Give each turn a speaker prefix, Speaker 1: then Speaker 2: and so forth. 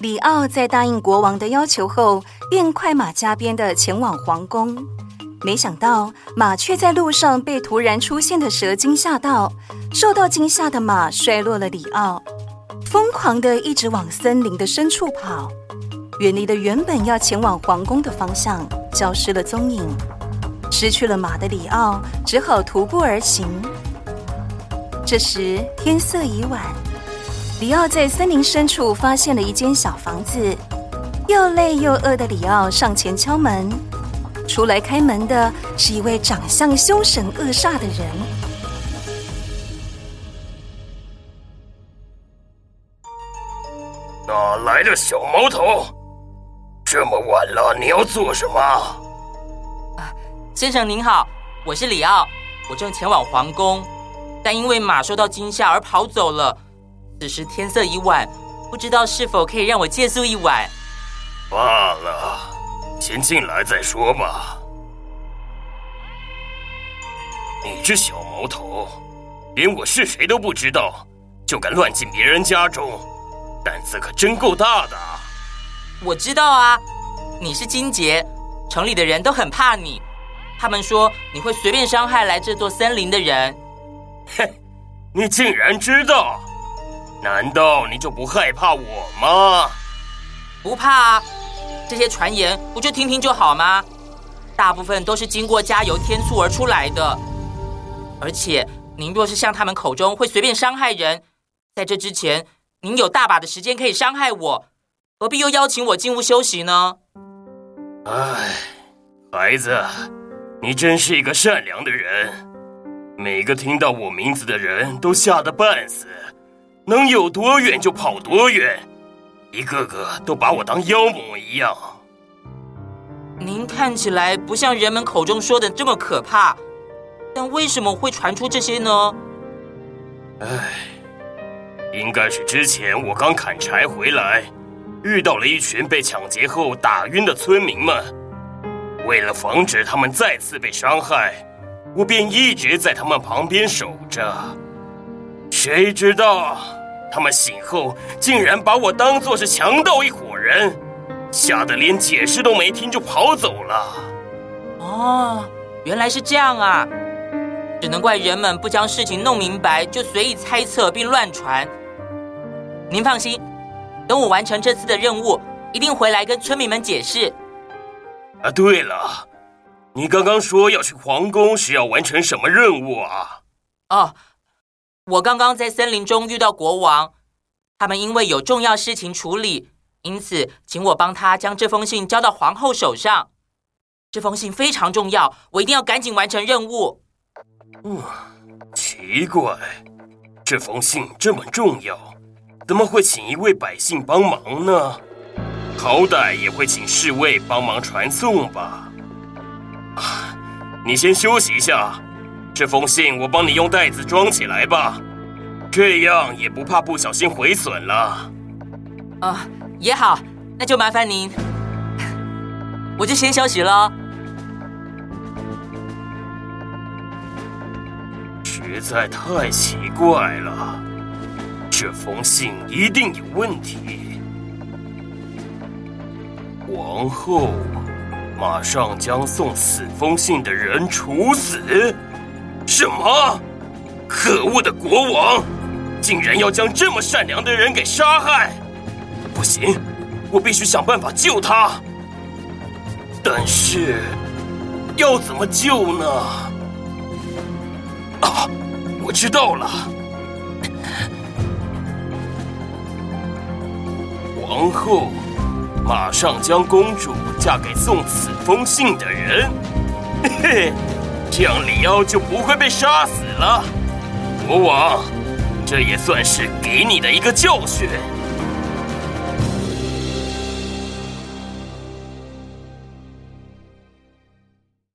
Speaker 1: 里奧在答應國王的要求後，便快馬加鞭的前往皇宮。沒想到馬卻在路上被突然出現的蛇驚嚇到，受到驚嚇的馬摔落了里奧。里奧瘋狂的一直往森林的深處跑，遠離了原本要前往皇宮的方向，消失了蹤影。失去了馬的里奧只好徒步而行。這時天色已晚。里奧在森林深處發現了一間小房子，又累又餓的里奧上前敲門，出來開門的是一位長相凶神惡煞的人。
Speaker 2: 哪來的小毛頭？這麼晚了，你要做什麼？啊，
Speaker 3: 先生您好，我是里奧，我正前往皇宮，但因為馬受到驚嚇而跑走了。此時天色已晚，不知道
Speaker 2: 是否可以讓我借宿一晚。罷了，先進來再說吧。你這小毛頭，連我是誰都不知道，就敢亂進別人家中，膽子可真夠大的。
Speaker 3: 我知道啊，你是金傑，城裡的人都很怕你，他們說你會隨便傷害來這座森林的人。嘿，
Speaker 2: 你竟然知道！難道你就不害怕我嗎？不怕啊，這些傳言不就聽聽就好嗎？
Speaker 3: 大部分都是經過加油添醋而出來的。而且您若是像他們口中會隨便傷害人，在這之前您有大把的時間可以傷害我，何必又邀請我進屋休息呢？
Speaker 2: 唉，孩子，你真是一個善良的人。每個聽到我名字的人都嚇得半死。能有多遠就跑多遠，一個個都把我當妖魔一樣。您
Speaker 3: 看起來不像人們口中說的這麼可怕，但為什麼會傳出這些呢？
Speaker 2: 唉，應該是之前我剛砍柴回來，遇到了一群被搶劫後打暈的村民們。為了防止他們再次被傷害，我便一直在他們旁邊守着。誰知道他們醒後竟然把我當做是強盜一夥人，嚇得連解釋都沒聽就跑走了。
Speaker 3: 哦，原來是這樣啊！只能怪人們不將事情弄明白，就隨意猜測並亂傳。您放心，等我完成這次的任務，一定回來跟村民們解釋。
Speaker 2: 啊，對了，你剛剛說要去皇宮，需要完成什麼任務啊？
Speaker 3: 啊、哦。我剛剛在森林中遇到國王，他們因為有重要事情處理，因此請我幫他將這封信交到皇后手上。這封信非常重要，我一定要趕緊完成任務。
Speaker 2: 嗯，奇怪，這封信這麼重要，怎麼會請一位百姓幫忙呢？好歹也會請侍衛幫忙傳送吧。啊，你先休息一下。這封信我幫你用袋子裝起來吧，這樣也不怕不小心毀損了。
Speaker 3: 啊、哦，也好，那就麻煩您，我就先休息了。
Speaker 2: 實在太奇怪了，這封信一定有問題。王後，馬上將送此封信的人處死。什麼？可惡的國王，竟然要將這麼善良的人給殺害！不行，我必須想辦法救他。但是，要怎麼救呢？啊，我知道了。王後，馬上將公主嫁給送此封信的人。嘿嘿。這樣，里奧就不會被殺死了。國王，這也算是給你的一個教訓。